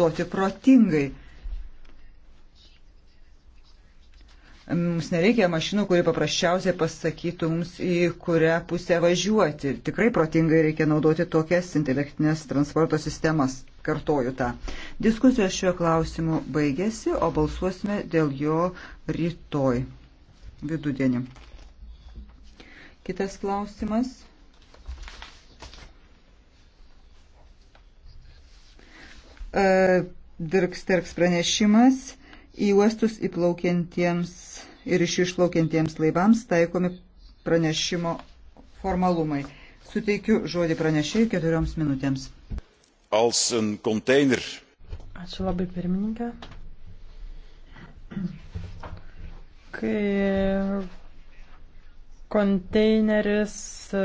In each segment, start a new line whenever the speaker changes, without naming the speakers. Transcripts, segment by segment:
vartoti protingai. Mums nereikia mašinų, kuri paprasčiausiai pasakytų mums, į kurią pusę važiuoti. Tikrai protingai reikia naudoti tokias intelektinės transporto sistemas. Kartoju tą. Diskusijos šiuo klausimu baigėsi, o balsuosime dėl jo rytoj vidudienį. Kitas klausimas. E, dirks terks pranešimas į uostus įplaukiantiems ir iš išplaukiantiems laivams taikomi pranešimo formalumai. Suteikiu žodį pranešėjai keturioms minutėms.
Ačiū
labai pirmininkė. Kai konteineris e,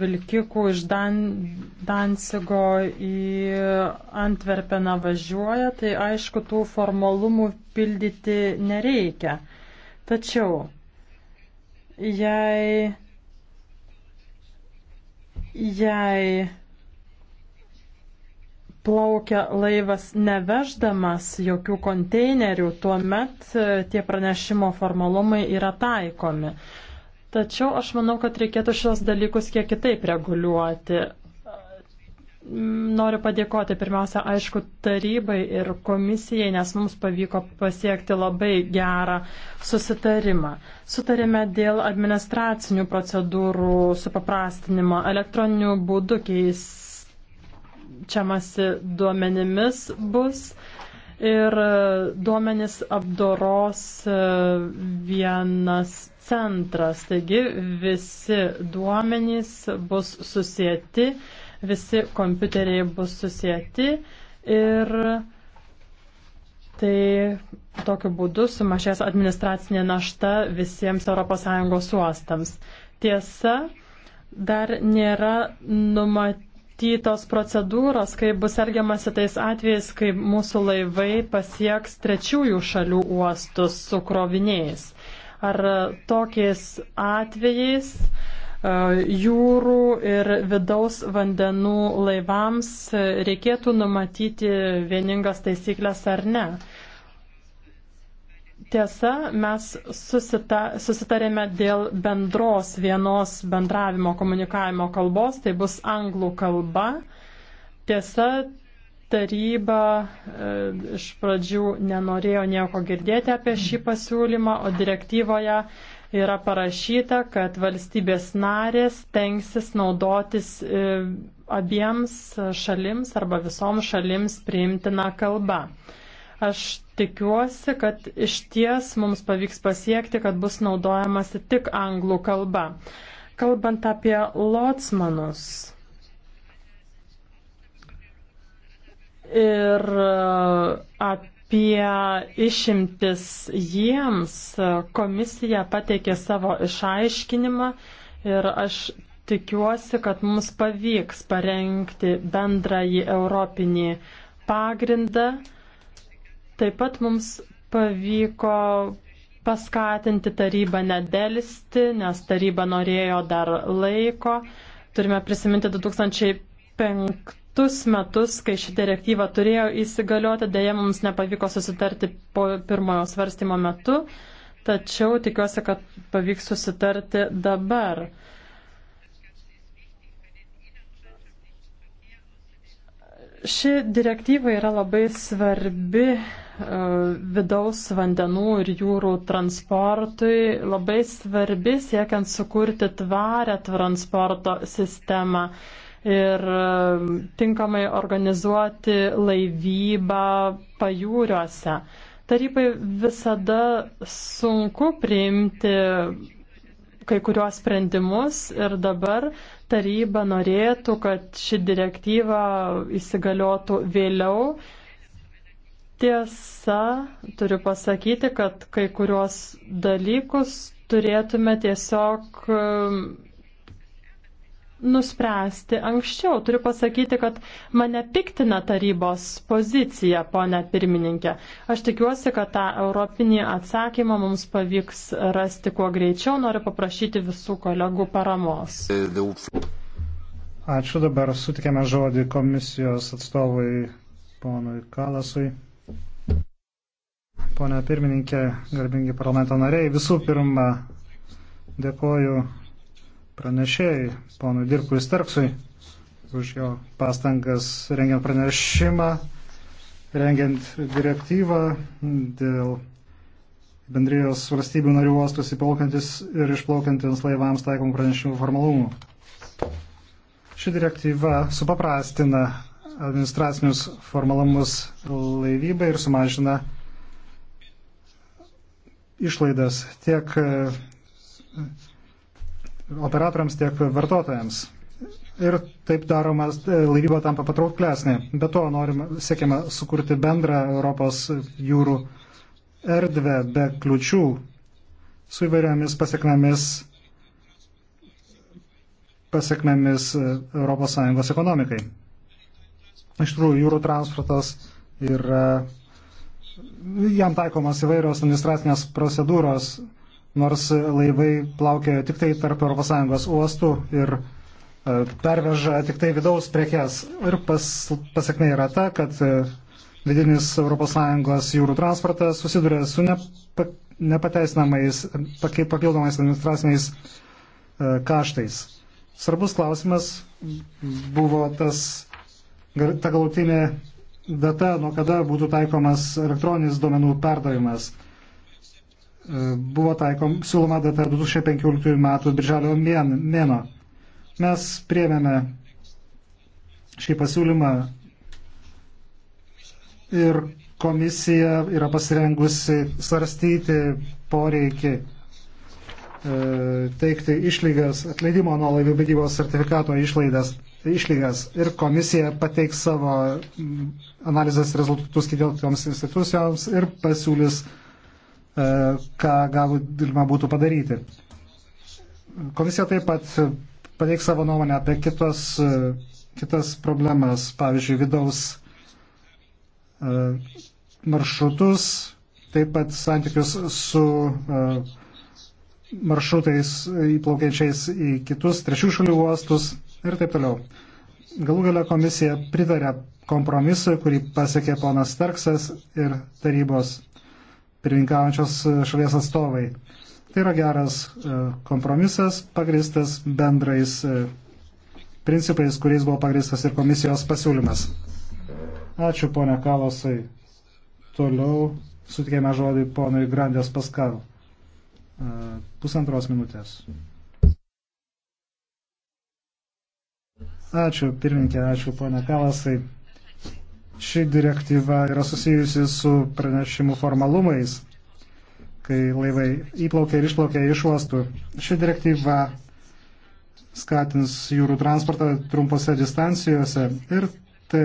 vilkikų iš Dan, Dansigo į Antverpeną važiuoja, tai aišku, tų formalumų pildyti nereikia. Tačiau, jei, jei plaukia laivas neveždamas jokių konteinerių, tuomet e, tie pranešimo formalumai yra taikomi. Tačiau aš manau, kad reikėtų šios dalykus kiek kitaip reguliuoti. Noriu padėkoti pirmiausia, aišku, tarybai ir komisijai, nes mums pavyko pasiekti labai gerą susitarimą. Sutarėme dėl administracinių procedūrų supaprastinimo elektroniniu būdu keičiamasi duomenimis bus ir duomenis apdoros vienas centras. Taigi visi duomenys bus susijęti, visi kompiuteriai bus susijęti ir tai tokiu būdu sumažės administracinė našta visiems ES uostams. Tiesa, dar nėra numatyti numatytos procedūros, kaip bus elgiamasi tais atvejais, kai mūsų laivai pasieks trečiųjų šalių uostus su kroviniais ar tokiais atvejais e, jūrų ir vidaus vandenų laivams reikėtų numatyti vieningas taisyklės ar ne. Tiesa, mes susita, susitarėme dėl bendros vienos bendravimo komunikavimo kalbos, tai bus anglų kalba. Tiesa, taryba e, iš pradžių nenorėjo nieko girdėti apie šį pasiūlymą, o direktyvoje yra parašyta, kad valstybės narės tenksis naudotis e, abiems šalims arba visoms šalims priimtina kalba. Aš tikiuosi, kad iš ties mums pavyks pasiekti, kad bus naudojamasi tik anglų kalba. Kalbant apie lotsmanus, ir e, apie išimtis jiems komisija pateikė savo išaiškinimą ir aš tikiuosi, kad mums pavyks parengti bendrąjį europinį pagrindą. Taip pat mums pavyko paskatinti tarybą nedelisti, nes taryba norėjo dar laiko. Turime prisiminti 2005 Kitus metus, kai ši direktyva turėjo įsigalioti, dėja mums nepavyko susitarti po pirmojo svarstymo metu, tačiau tikiuosi, kad pavyks susitarti dabar. Ši direktyva yra labai svarbi e, vidaus vandenų ir jūrų transportui labai svarbi siekiant sukurti tvarę transporto sistemą ir um, tinkamai organizuoti laivybą pajūriuose. Tarybai visada sunku priimti kai kuriuos sprendimus ir dabar taryba norėtų, kad ši direktyva įsigaliotų vėliau. Tiesa, turiu pasakyti, kad kai kuriuos dalykus turėtume tiesiog um, nuspręsti anksčiau. Turiu pasakyti, kad mane piktina tarybos pozicija, ponia pirmininkė. Aš tikiuosi, kad tą europinį atsakymą mums pavyks rasti kuo greičiau. Noriu paprašyti visų kolegų paramos.
Ačiū dabar sutikėme žodį komisijos atstovui ponui Kalasui. Pone pirmininkė, garbingi parlamento nariai, visų pirma, dėkoju pranešėjai, ponui Dirkui Starksui, už jo pastangas rengiant pranešimą, rengiant direktyvą dėl bendrijos valstybių narių uostus įplaukiantis ir išplaukiantis laivams taikomų pranešimų formalumų. Ši direktyva supaprastina administracinius formalumus laivybą ir sumažina išlaidas tiek operatoriams, tiek vartotojams. Ir taip daromas e, laivyba tampa patrauklesnė. Be to norime, siekime sukurti bendrą Europos jūrų erdvę be kliučių su įvairiomis pasiekmėmis pasiekmėmis ES ekonomikai. Iš tikrųjų, jūrų transportas yra, jam taikomas įvairios administracinės procedūros, nors laivai plaukioja tik tai tarp ES uostų ir e, perveža tik tai vidaus prekes. Ir pas, pasiekmė yra ta, kad e, vidinis ES jūrų transportas susiduria su nepa, nepateisinamais papildomais administraciniais e, kaštais. Svarbus klausimas buvo tas, ta galutinė data, nuo kada būtų taikomas elektroninis duomenų perdavimas buvo taikom, siūloma data 2015 metų birželio mėno. Mes priemėme šį pasiūlymą ir komisija yra pasirengusi svarstyti poreikį e, teikti išlygas, atleidimo nuo laivių bėgybos sertifikato išlaidas, išlygas ir komisija pateiks savo analizės rezultatus kitoms institucijoms ir pasiūlys e, E, ką galima būtų padaryti. Komisija taip pat pateiks savo nuomonę apie kitos, e, kitas problemas, pavyzdžiui, vidaus e, maršrutus, taip pat santykius su maršrutais įplaukiančiais į kitus trečių šalių uostus ir taip toliau. Galų galę komisija pritarė kompromisui, kurį pasiekė ponas Tarksas ir tarybos pirmininkaujančios šalies atstovai. Tai yra geras e, kompromisas, pagristas bendrais e, principais, kuriais buvo pagristas ir komisijos pasiūlymas. Ačiū, ponia Kalosai. Toliau sutikėme žodį ponui Grandės Paskal. E, pusantros minutės. Ačiū, pirmininkė, ačiū, ponia Kalasai. Ši direktyva yra susijusi su pranešimų formalumais, kai laivai įplaukia ir išplaukia iš uostų. Ši direktyva skatins jūrų transportą trumpose distancijose ir tai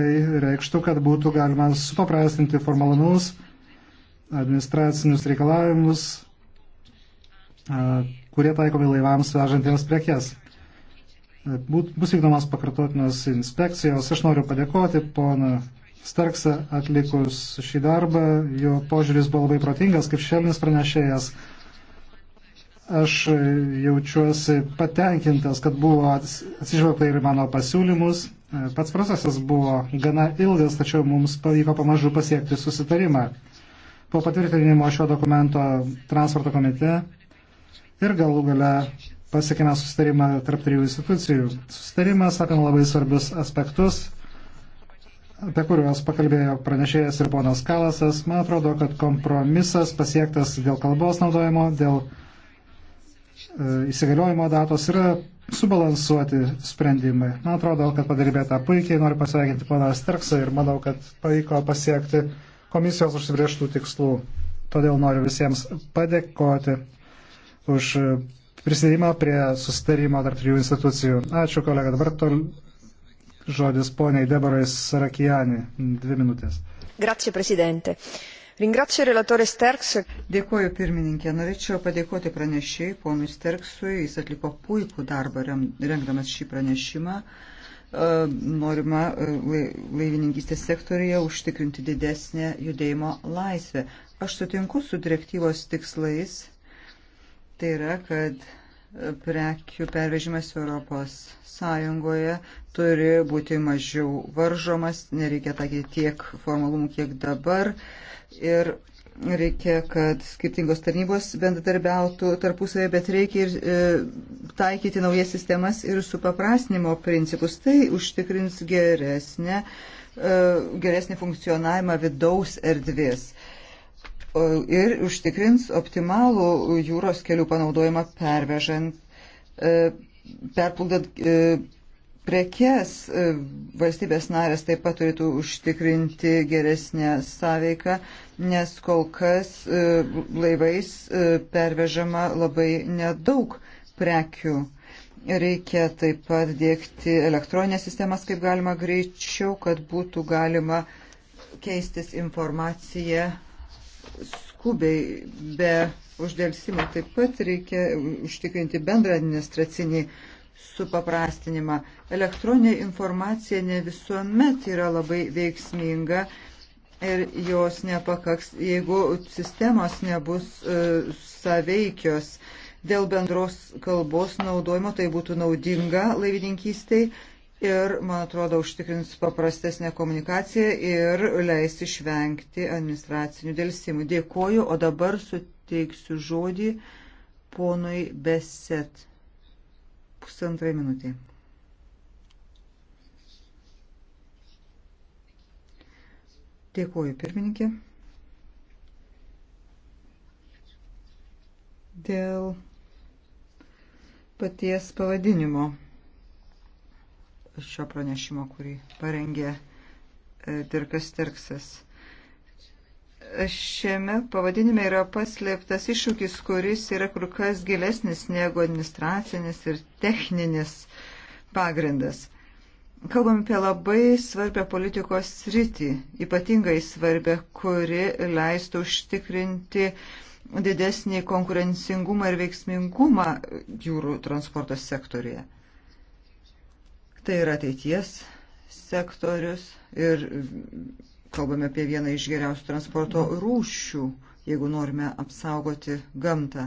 reikštų, kad būtų galima supaprastinti formalumus, administracinius reikalavimus, kurie taikomi laivams vežantiems prekes. Bus vykdomas pakartotinos inspekcijos. Aš noriu padėkoti poną Starksą atlikus šį darbą, jo požiūris buvo labai protingas, kaip šelnis pranešėjas. Aš jaučiuosi patenkintas, kad buvo atsižvelgta ir mano pasiūlymus. Pats procesas buvo gana ilgas, tačiau mums pavyko pamažu pasiekti susitarimą. Po patvirtinimo šio dokumento transporto komitete ir galų gale pasiekime susitarimą tarp trijų institucijų. Susitarimas apima labai svarbius aspektus apie kuriuos pakalbėjo pranešėjas ir ponas Kalasas, man atrodo, kad kompromisas pasiektas dėl kalbos naudojimo, dėl e, įsigaliojimo datos yra subalansuoti sprendimai. Man atrodo, kad padirbėta puikiai, noriu pasveikinti poną Sterksą ir manau, kad pavyko pasiekti komisijos užsibrieštų tikslų. Todėl noriu visiems padėkoti už prisidėjimą prie susitarimo tarp trijų institucijų. Ačiū, kolega. Dabar tol... Žodis poniai Debarai Sarakijani, dvi minutės. Grazie,
prezidente. Ringrazio relatore Sterks. Dėkuoju pirmininkė. Norėčiau padėkoti pranešėjai, ponui Sterksui. Jis atliko puikų darbą rengdamas šį pranešimą. E, norima e, laivininkystės sektorija užtikrinti didesnę judėjimo laisvę. Aš sutinku su direktyvos tikslais. Tai yra, kad prekių pervežimas Europos Sąjungoje turi būti mažiau varžomas, nereikia taikyti tiek formalumų, kiek dabar. Ir reikia, kad skirtingos tarnybos bendradarbiautų tarpusavėje, bet reikia ir e, taikyti naujas sistemas ir supaprasnimo principus. Tai užtikrins geresnę, e, geresnį funkcionavimą vidaus erdvės. E, ir užtikrins optimalų jūros kelių panaudojimą pervežant, e, perplukdant e, prekes. Valstybės narės taip pat turėtų užtikrinti geresnę sąveiką, nes kol kas laivais pervežama labai nedaug prekių. Reikia taip pat dėkti elektroninės sistemas kaip galima greičiau, kad būtų galima keistis informaciją skubiai be uždėlsimo. Taip pat reikia užtikrinti bendrą administracinį supaprastinimą. Elektroninė informacija ne visuomet yra labai veiksminga ir jos nepakaks, jeigu sistemos nebus uh, saveikios. Dėl bendros kalbos naudojimo tai būtų naudinga laivininkystiai ir, man atrodo, užtikrins paprastesnę komunikaciją ir leis išvengti administracinių dėlsimų. Dėkoju, o dabar suteiksiu žodį ponui Beset. Pusantrai minutė. Dėkoju, pirmininkė. Dėl paties pavadinimo šio pranešimo, kurį parengė e, Dirkas Terksas. Šiame pavadinime yra paslėptas iššūkis, kuris yra kur kas gilesnis negu administracinis ir techninis pagrindas. Kalbam apie labai svarbę politikos sritį, ypatingai svarbę, kuri leistų užtikrinti didesnį konkurencingumą ir veiksmingumą jūrų transporto sektorėje. Tai yra ateities sektorius ir kalbame apie vieną iš geriausių transporto rūšių, jeigu norime apsaugoti gamtą.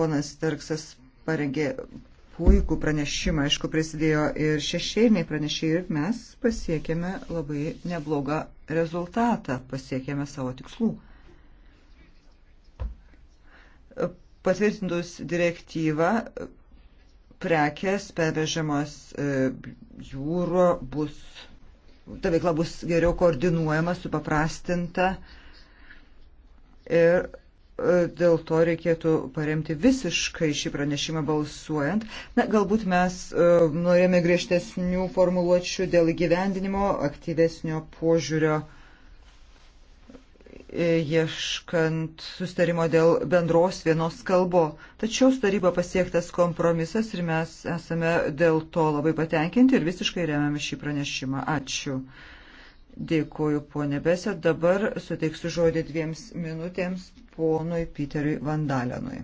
Ponas Terksas parengė puikų pranešimą, aišku, prisidėjo ir šešėliniai pranešėjai ir mes pasiekėme labai neblogą rezultatą, pasiekėme savo tikslų. Patvirtintus direktyvą prekės pervežamos e, jūro bus, ta veikla bus geriau koordinuojama, supaprastinta ir e, dėl to reikėtų paremti visiškai šį pranešimą balsuojant. Na, galbūt mes e, norėjome griežtesnių formuluočių dėl įgyvendinimo, aktyvesnio požiūrio E, ieškant sustarimo dėl bendros vienos kalbo. Tačiau su taryba pasiektas kompromisas ir mes esame dėl to labai patenkinti ir visiškai remiame šį pranešimą. Ačiū. Dėkuoju, ponė Besė. Dabar suteiksiu žodį dviems minutėms ponui Piteriui Vandalenui.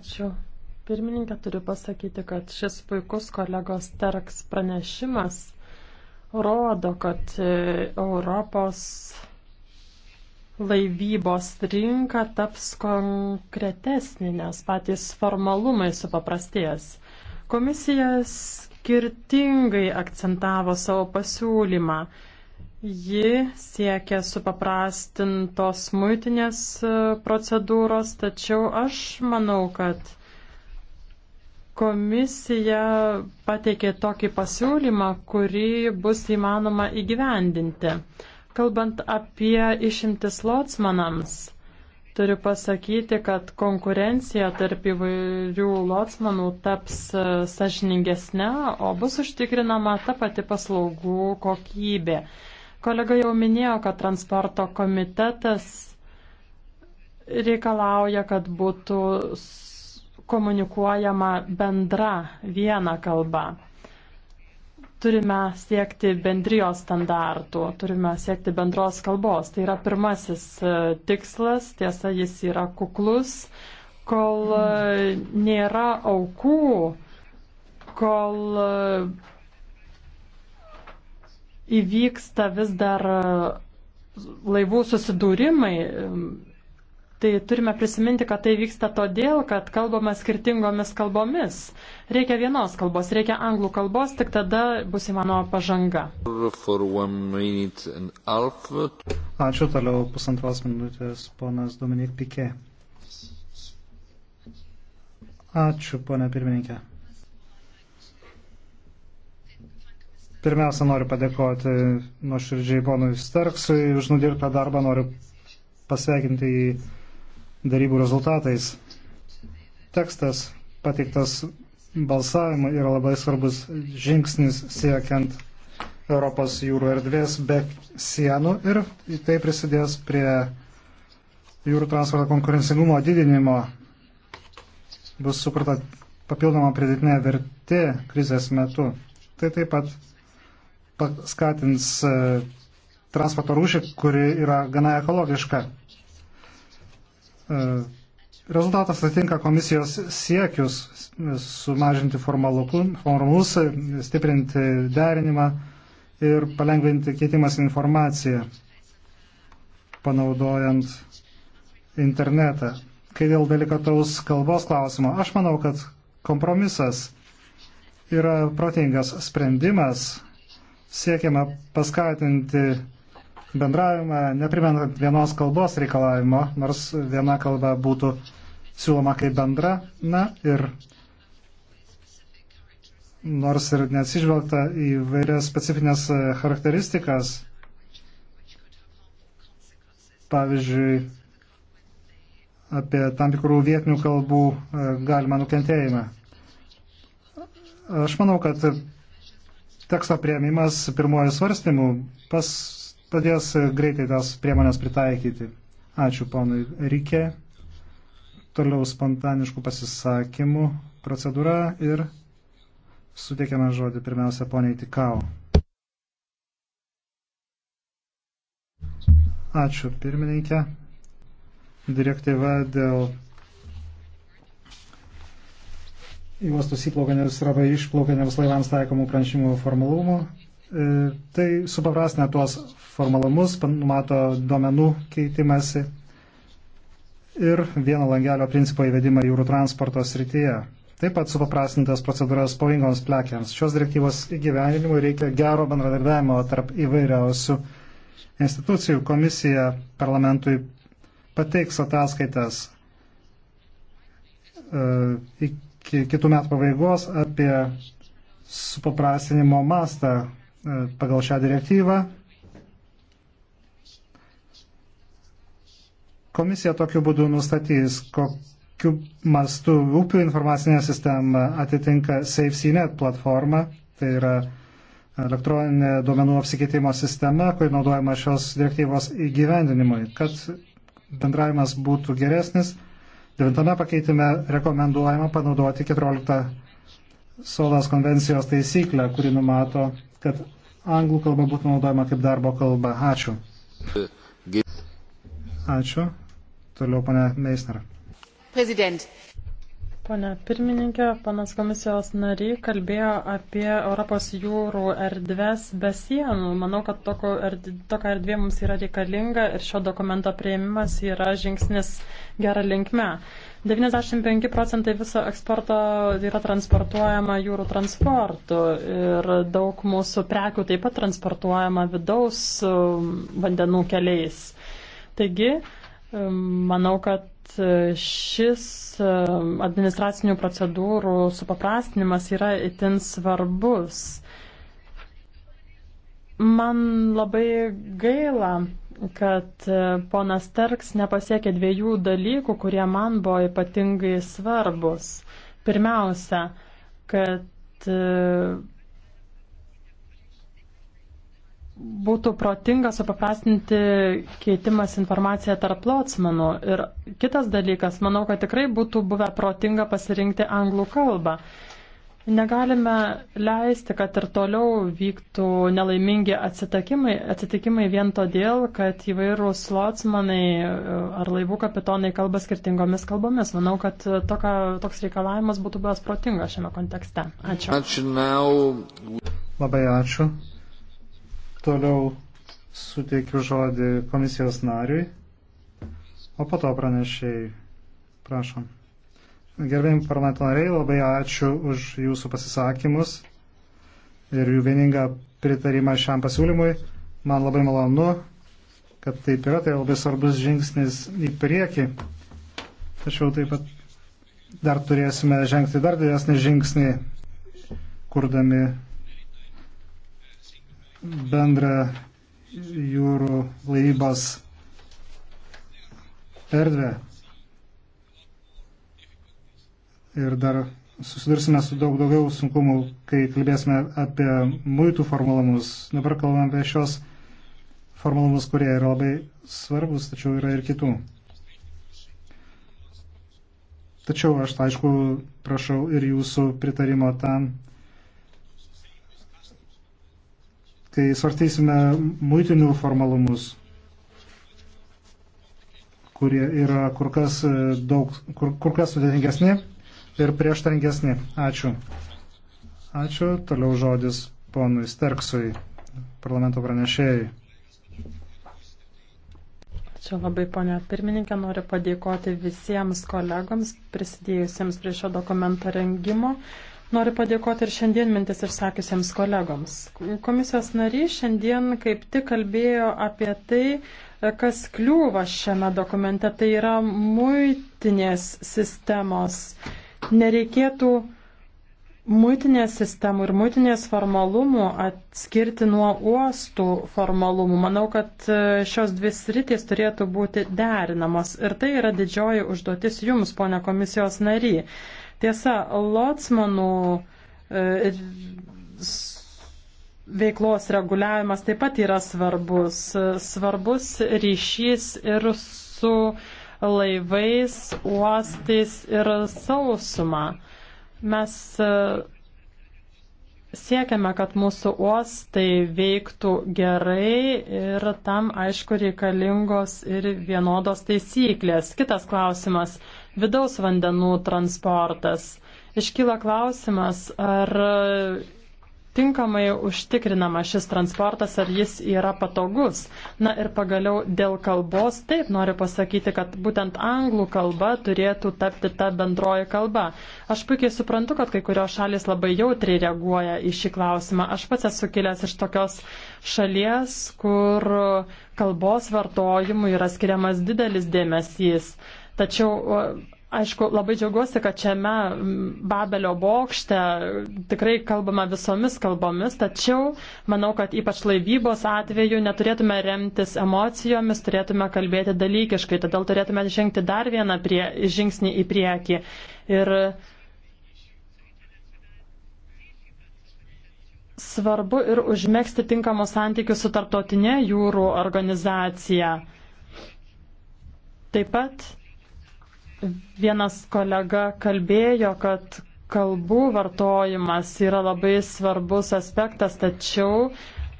Ačiū. Pirmininkė, turiu pasakyti, kad šis puikus kolegos Terks pranešimas rodo, kad e, Europos laivybos rinka taps konkretesnė, nes patys formalumai supaprastės. Komisija skirtingai akcentavo savo pasiūlymą. Ji siekia supaprastintos muitinės e, procedūros, tačiau aš manau, kad komisija pateikė tokį pasiūlymą, kurį bus įmanoma įgyvendinti. Kalbant apie išimtis lotsmanams, turiu pasakyti, kad konkurencija tarp įvairių lotsmanų taps e, sažiningesnė, o bus užtikrinama ta pati paslaugų kokybė. Kolega jau minėjo, kad transporto komitetas reikalauja, kad būtų komunikuojama bendra viena kalba. Turime siekti bendrijos standartų, turime siekti bendros kalbos. Tai yra pirmasis e, tikslas, tiesa, jis yra kuklus, kol e, nėra aukų, kol e, įvyksta vis dar laivų susidūrimai tai turime prisiminti, kad tai vyksta todėl, kad kalbame skirtingomis kalbomis. Reikia vienos kalbos, reikia anglų kalbos, tik tada bus
įmanoma pažanga. Ačiū toliau pusantros minutės, ponas Dominik Pikė. Ačiū, ponė pirmininkė. Pirmiausia, noriu padėkoti nuoširdžiai ponui Sterksui už nudirbtą darbą, noriu pasveikinti jį darybų rezultatais. Tekstas pateiktas balsavimui yra labai svarbus žingsnis siekiant Europos jūrų erdvės be sienų ir tai prisidės prie jūrų transporto konkurencingumo didinimo. Bus sukurta papildoma pridėtinė vertė krizės metu. Tai taip pat skatins e, transporto rūšį, kuri yra gana ekologiška. E, rezultatas atitinka komisijos siekius sumažinti formalus, stiprinti derinimą ir palengvinti keitimas informaciją, panaudojant internetą. Kai dėl delikataus kalbos klausimo, aš manau, kad kompromisas yra protingas sprendimas, siekiama paskatinti bendravimą, neprimenant vienos kalbos reikalavimo, nors viena kalba būtų siūloma kaip bendra, na ir nors ir neatsižvelgta į vairias specifines charakteristikas, pavyzdžiui, apie tam tikrų vietinių kalbų e, galima nukentėjimą. Aš manau, kad teksto prieimimas pirmojų svarstymų pas pradės e, greitai tas priemonės pritaikyti. Ačiū ponui Rikė. Toliau spontaniškų pasisakymų procedūra ir suteikiame žodį pirmiausia poniai Tikau. Ačiū pirmininkė. Direktyva dėl į uostus įplaukianėms arba išplaukianėms laivams taikomų pranešimų formalumų E, tai supaprastina tuos formalumus, numato duomenų keitimąsi ir vieno langelio principo įvedimą jūrų transporto srityje. Taip pat supaprastintas procedūras pavojingoms plekiams. Šios direktyvos įgyvenimui reikia gero bendradarbiavimo tarp įvairiausių institucijų. Komisija parlamentui pateiks ataskaitas e, iki kitų metų pabaigos apie supaprastinimo mastą, pagal šią direktyvą. Komisija tokiu būdu nustatys, kokiu mastu upių informacinė sistema atitinka SafeCNet platformą, tai yra elektroninė duomenų apsikeitimo sistema, kuri naudojama šios direktyvos įgyvendinimui. Kad bendravimas būtų geresnis, devintame pakeitime rekomenduojama panaudoti 14 Solas konvencijos taisyklę, kuri numato kad anglų kalba būtų naudojama kaip darbo kalba. Ačiū. Ačiū. Toliau pane Meisner.
Prezident. Pane pirmininkė, panas komisijos nariai kalbėjo apie Europos jūrų erdves be sienų. Manau, kad tokia erdvė mums yra reikalinga ir šio dokumento prieimimas yra žingsnis gerą linkmę. 95 procentai viso eksporto yra transportuojama jūrų transportu ir daug mūsų prekių taip pat transportuojama vidaus um, vandenų keliais. Taigi, um, manau, kad uh, šis um, administracinių procedūrų supaprastinimas yra itin svarbus. Man labai gaila, kad e, ponas Terks nepasiekė dviejų dalykų, kurie man buvo ypatingai svarbus. Pirmiausia, kad e, būtų protinga supaprastinti keitimas informaciją tarp lotsmanų. Ir kitas dalykas, manau, kad tikrai būtų buvę protinga pasirinkti anglų kalbą. Negalime leisti, kad ir toliau vyktų nelaimingi atsitikimai, atsitikimai vien todėl, kad įvairūs lotsmanai e, ar laivų kapitonai kalba skirtingomis kalbomis. Manau, kad toka, toks reikalavimas būtų buvęs protingas šiame kontekste. Ačiū.
ačiū now... Labai ačiū. Toliau suteikiu žodį komisijos nariui, o po to pranešėjai. Prašom. Gerbėjim parlamento nariai, labai ačiū už jūsų pasisakymus ir jų vieningą pritarimą šiam pasiūlymui. Man labai malonu, kad taip yra, tai labai svarbus žingsnis į priekį. Tačiau taip pat dar turėsime žengti dar didesnį žingsnį, kurdami bendrą jūrų laivybos erdvę ir dar susidursime su daug daugiau sunkumų, kai kalbėsime apie muitų formulumus. Dabar kalbame apie šios formulumus, kurie yra labai svarbus, tačiau yra ir kitų. Tačiau aš, aišku, prašau ir jūsų pritarimo tam, kai svartysime muitinių formalumus, kurie yra kur kas, e, daug, kur, kur kas sudėtingesni ir prieštaringesni. Ačiū. Ačiū. Toliau žodis ponui Sterksui, parlamento pranešėjai. Ačiū
labai, ponia pirmininkė. Noriu padėkoti visiems kolegoms prisidėjusiems prie šio dokumento rengimo. Noriu padėkoti ir šiandien mintis išsakiusiems kolegoms. Komisijos narys šiandien kaip tik kalbėjo apie tai, kas kliūva šiame dokumente, tai yra muitinės sistemos nereikėtų muitinės sistemų ir muitinės formalumų atskirti nuo uostų formalumų. Manau, kad e, šios dvi sritys turėtų būti derinamos ir tai yra didžioji užduotis jums, ponia komisijos nary. Tiesa, lotsmanų e, veiklos reguliavimas taip pat yra svarbus. Svarbus ryšys ir su laivais, uostais ir sausumą. Mes e, siekiame, kad mūsų uostai veiktų gerai ir tam, aišku, reikalingos ir vienodos taisyklės. Kitas klausimas - vidaus vandenų transportas. Iškyla klausimas, ar tinkamai užtikrinama šis transportas, ar jis yra patogus. Na ir pagaliau dėl kalbos, taip noriu pasakyti, kad būtent anglų kalba turėtų tapti ta bendroji kalba. Aš puikiai suprantu, kad kai kurios šalis labai jautriai reaguoja į šį klausimą. Aš pats esu kilęs iš tokios šalies, kur kalbos vartojimui yra skiriamas didelis dėmesys. Tačiau Aišku, labai džiaugiuosi, kad šiame Babelio bokšte tikrai kalbama visomis kalbomis, tačiau manau, kad ypač laivybos atveju neturėtume remtis emocijomis, turėtume kalbėti dalykiškai, todėl turėtume žengti dar vieną prie, žingsnį į priekį. Ir svarbu ir užmėgsti tinkamus santykius su tarptautinė jūrų organizacija. Taip pat Vienas kolega kalbėjo, kad kalbų vartojimas yra labai svarbus aspektas, tačiau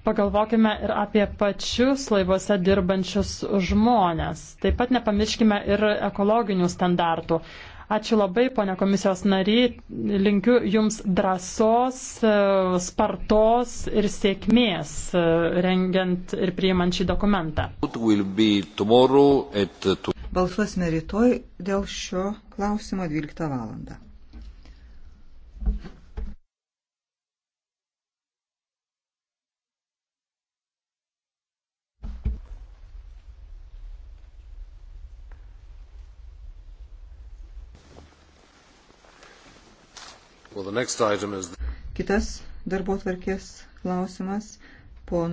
pagalvokime ir apie pačius laivuose dirbančius žmonės. Taip pat nepamirškime ir ekologinių standartų. Ačiū labai, ponia komisijos nariai. Linkiu Jums drąsos, e, spartos ir sėkmės e, rengiant ir priimant šį dokumentą. Balsuosime rytoj dėl šio klausimo 12 val.
Kitas darbo tvarkės klausimas